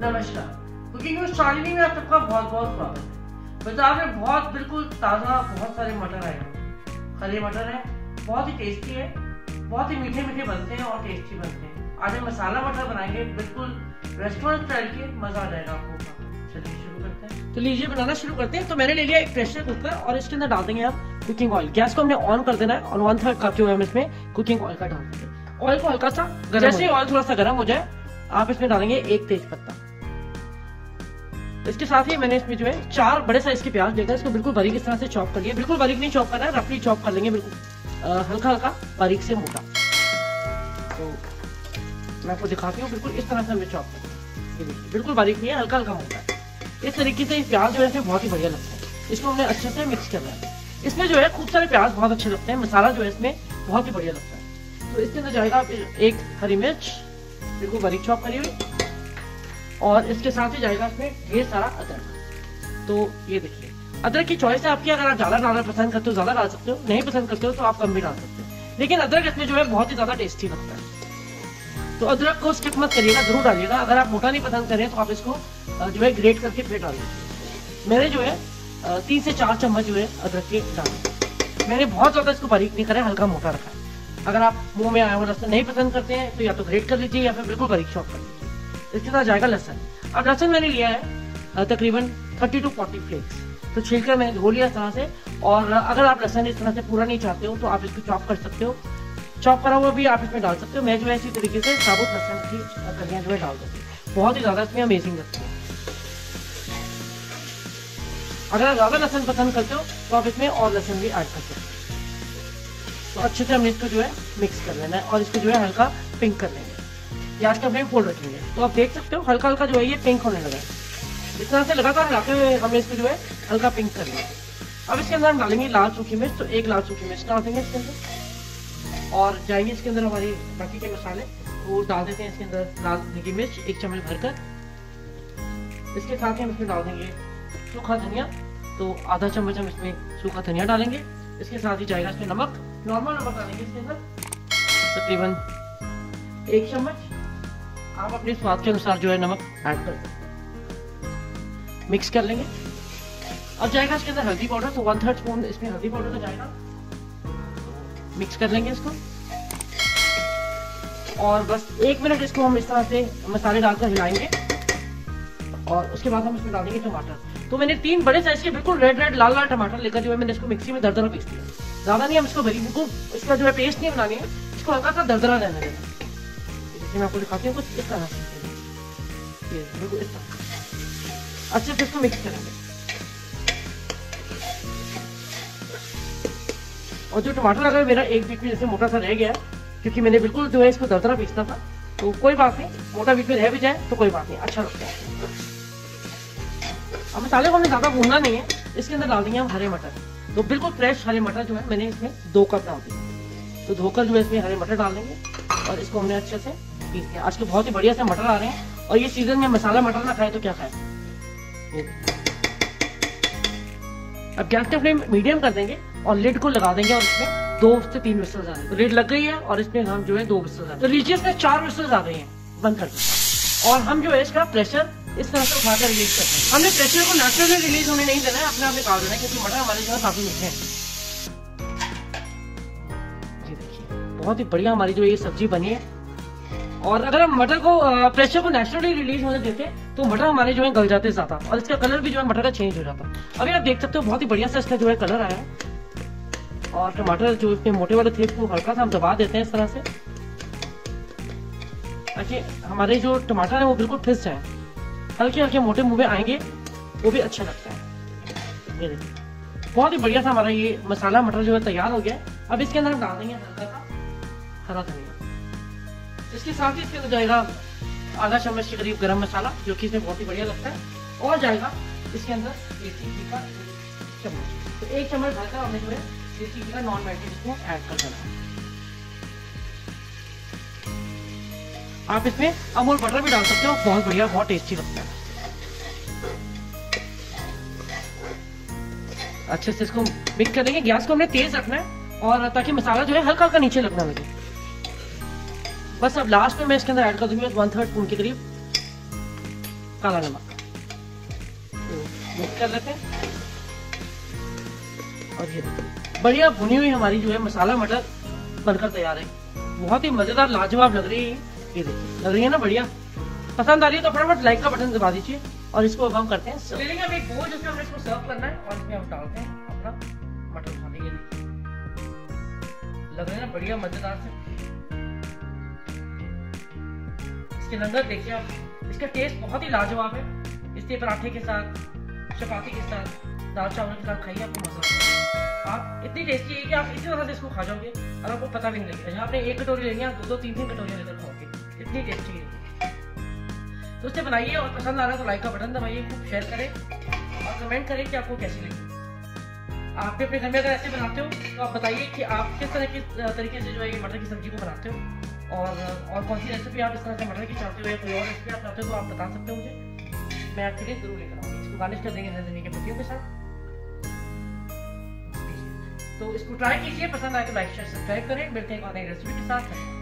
नमस्कार cooking with Shalini में आप सबका बहुत बहुत स्वागत है बाजार में बहुत बिल्कुल ताज़ा बहुत सारे मटर आए हैं हरे मटर हैं बहुत ही टेस्टी है बहुत ही मीठे मीठे बनते हैं और टेस्टी बनते हैं आज हम मसाला मटर बनाएंगे बिल्कुल रेस्टोरेंट स्टाइल के मजा आ जाएगा आपको चलिए शुरू करते हैं तो लीजिए बनाना शुरू करते हैं तो मैंने ले लिया एक प्रेशर कुकर और इसके अंदर डाल देंगे आप कुकिंग ऑयल गैस को हमने ऑन कर देना है और वन थर्ड काफी हुआ है हम इसमें कुकिंग ऑयल का डाल देंगे ऑयल को हल्का सा जैसे ऑयल थोड़ा सा गर्म हो जाए आप इसमें डालेंगे एक तेज पत्ता इसके साथ ही मैंने इसमें जो है चार बड़े साइज के प्याज देखा इसको बिल्कुल बारीक इस तरह से चॉप कर लिया बिल्कुल बारीक नहीं चॉप करना है रफली चॉप कर लेंगे बिल्कुल हल्का हल्का बारीक से मोटा तो मैं आपको दिखाती हूँ बिल्कुल इस तरह से हमें चॉप कर बिल्कुल बारीक नहीं है हल्का हल्का मोटा इस तरीके से प्याज जो है बहुत ही बढ़िया लगता है इसको हमने अच्छे से मिक्स करना है इसमें जो है खूब सारे प्याज बहुत अच्छे लगते हैं मसाला जो है इसमें बहुत ही बढ़िया लगता है तो इसके अंदर जाएगा एक हरी मिर्च बिल्कुल बारीक चॉप करी हुई और इसके साथ ही जाएगा इसमें ये सारा अदरक तो ये देखिए अदरक की चॉइस है आपकी अगर आप ज़्यादा डालना पसंद करते हो ज़्यादा डाल सकते हो नहीं पसंद करते हो तो आप कम भी डाल सकते हो लेकिन अदरक इसमें जो है बहुत ही ज़्यादा टेस्टी लगता है तो अदरक को स्किप मत करिएगा ज़रूर डालिएगा अगर आप मोटा नहीं पसंद करें तो आप इसको जो है ग्रेट करके फिर डाल दीजिए मैंने जो है तीन से चार चम्मच जो है अदरक के डाले मैंने बहुत ज़्यादा इसको बारीक नहीं करा हल्का मोटा रखा है अगर आप मुंह में आया हुआ रस्ता नहीं पसंद करते हैं तो या तो ग्रेट कर लीजिए या फिर बिल्कुल बारीक शॉप कर लीजिए इसके साथ जाएगा लहसन अब लहसन मैंने लिया है तकरीबन थर्टी टू फोर्टी फ्लेक्स तो छिलकर मैं धो लिया इस तरह से और अगर आप लहसन इस तरह से पूरा नहीं चाहते हो तो आप इसको चॉप कर सकते हो चॉप करा हुआ भी आप इसमें डाल सकते हो मैं जो है इसी तरीके से साबुत लहसन की कलियाँ जो है डाल सकती हूँ बहुत ही ज़्यादा इसमें अमेजिंग लगती है अगर आप ज़्यादा लहसन पसंद करते हो तो आप इसमें और लहसन भी ऐड कर सकते हो तो अच्छे से हमने इसको जो है मिक्स कर लेना है और इसको जो है हल्का पिंक कर लेना है प्याज का तो फ्लेम फोल्ड रखेंगे तो आप देख सकते हो हल्का हल्का जो है ये पिंक होने लगा है इस तरह से लगातार हिलाते हुए हमें इसको जो है हल्का पिंक कर लिया अब इसके अंदर हम डालेंगे लाल सूखी मिर्च तो एक लाल सूखी मिर्च डाल देंगे इसके अंदर और जाएंगे इसके अंदर हमारी बाकी के मसाले तो वो डाल देते हैं इसके अंदर लाल धनिया मिर्च एक चम्मच भरकर इसके साथ ही हम इसमें डाल देंगे सूखा धनिया तो आधा चम्मच हम इसमें सूखा धनिया डालेंगे इसके साथ ही जाएगा इसमें नमक नॉर्मल नमक डालेंगे इसके अंदर तकरीबन एक चम्मच आप अपने स्वाद के अनुसार जो है नमक ऐड कर मिक्स कर लेंगे अब जाएगा इसके अंदर हल्दी पाउडर तो वन थर्ड स्पून इसमें हल्दी पाउडर तो जाएगा मिक्स कर लेंगे इसको और बस एक मिनट इसको हम इस तरह से मसाले डालकर हिलाएंगे और उसके बाद हम इसमें डालेंगे टमाटर तो मैंने तीन बड़े साइज के बिल्कुल रेड रेड लाल लाल टमाटर लेकर जो है मैंने इसको मिक्सी में दरदरा पीस दिया ज्यादा नहीं हम इसको भरी बिल्कुल इसका जो है पेस्ट नहीं बनानी है इसको हल्का सा दरदरा रहने देना मैं आपको दिखाती हूँ कुछ इस तरह से ये बिल्कुल इस तरह अच्छे से इसको मिक्स करेंगे और जो टमाटर अगर मेरा एक बीच में जैसे मोटा सा रह गया क्योंकि मैंने बिल्कुल जो है इसको दरदरा पीसना था तो कोई बात नहीं मोटा बीच में रह भी जाए तो कोई बात नहीं अच्छा लगता है अब मसाले को हमने ज़्यादा भूनना नहीं है इसके अंदर डाल देंगे हम हरे मटर तो बिल्कुल फ्रेश हरे मटर जो है मैंने इसमें दो कप डाल दिया तो धोकर जो है इसमें हरे मटर डाल देंगे और इसको हमने अच्छे से पीस है आज के तो बहुत ही बढ़िया से मटर आ रहे हैं और ये सीजन में मसाला मटर ना खाए तो क्या खाए अब गैस के फ्लेम मीडियम कर देंगे और लिड को लगा देंगे और इसमें दो से तीन मिसल आ रहे हैं लिड लग गई है और इसमें हम जो है दो मिसल आ रहे हैं तो चार मिसल आ रही हैं बंद कर दो और हम जो है इसका प्रेशर इस तरह से उठाकर रिलीज करते हैं हमने प्रेशर को नेचुरल में रिलीज होने नहीं देना है अपने आपने में देना है क्योंकि मटर हमारे जो है काफी मीठे हैं बहुत ही बढ़िया हमारी जो ये सब्जी बनी है और अगर हम मटर को प्रेशर को नेचुरली रिलीज होने देते तो मटर हमारे जो है गल जाते ज्यादा और इसका कलर भी जो है मटर का चेंज हो जाता अभी आप देख सकते हो बहुत ही बढ़िया से इसका जो है कलर आया और टमाटर जो इसके मोटे वाले थे वो हल्का सा हम दबा देते हैं इस तरह से ताकि हमारे जो टमाटर है वो बिल्कुल फिस्ट है हल्के हल्के मोटे मुँह आएंगे वो भी अच्छा लगता है ये देखिए बहुत ही बढ़िया सा हमारा ये मसाला मटर जो है तैयार हो गया अब इसके अंदर हम डाल देंगे हल्का सा हरा धनिया इसके साथ ही इसके जाएगा आधा चम्मच के करीब गरम मसाला जो कि इसमें बहुत ही बढ़िया लगता है और जाएगा इसके अंदर देसी घी का चम्मच तो एक चम्मच कर हमें जो है देसी घी का नॉन मेल्टेड इसमें ऐड कर देना आप इसमें अमूल बटर भी डाल सकते हो बहुत बढ़िया बहुत टेस्टी लगता है अच्छे से इसको मिक्स कर गैस को हमने तेज रखना है और ताकि मसाला जो है हल्का हल्का नीचे लगना लगे बस अब लास्ट में मैं इसके अंदर ऐड कर दूंगी वन थर्ड स्पून के करीब काला नमक मिक्स कर लेते हैं और ये बढ़िया भुनी हुई हमारी जो है मसाला मटर बनकर तैयार है बहुत ही मजेदार लाजवाब लग रही है ये लग रही है ना बढ़िया पसंद आ रही है तो फटाफट लाइक का बटन दबा दीजिए और इसको अब हम करते हैं सर्व। करना है और इसमें हम डालते हैं अपना मटर खाने ये देखिए लग रहे हैं ना बढ़िया मजेदार से इसके लंगर देखिए आप इसका टेस्ट बहुत ही लाजवाब है इसलिए पराठे के साथ चपाती के साथ दाल चावल के साथ खाइए आपको मजा आएगा आप इतनी टेस्टी है कि आप इसी तरह से इसको खा जाओगे और आपको पता भी नहीं लगेगा आपने एक कटोरी लेनी है दो दो तीन तीन कटोरी लेकर खाओगे इतनी टेस्टी है तो उससे बनाइए और पसंद आ रहा है तो लाइक का बटन दबाइए खूब शेयर करें और कमेंट करें कि आपको कैसी लगी आप भी अपने घर में अगर ऐसे बनाते हो तो आप बताइए कि आप किस तरह की तरीके से जो है ये मटर की सब्जी को बनाते हो और और कौन सी रेसिपी आप इस तरह से मटर की चाहते हो या कोई और रेसिपी आप चाहते हो तो आप बता सकते हो मुझे मैं आपके लिए ज़रूर लेकर आऊँगी इसको गार्निश कर देंगे धनिया के पत्तियों के साथ तो इसको ट्राई कीजिए पसंद आए तो लाइक शेयर सब्सक्राइब करें मिलते हैं एक और नई रेसिपी के साथ